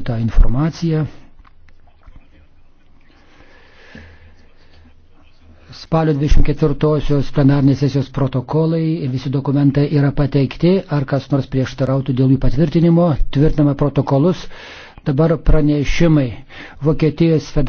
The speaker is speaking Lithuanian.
tą informaciją. Spalio 24-osios plenarnės sesijos protokolai ir visi dokumentai yra pateikti, ar kas nors prieštarautų dėl jų patvirtinimo, tvirtiname protokolus. Dabar pranešimai. Vokietijos federacijos.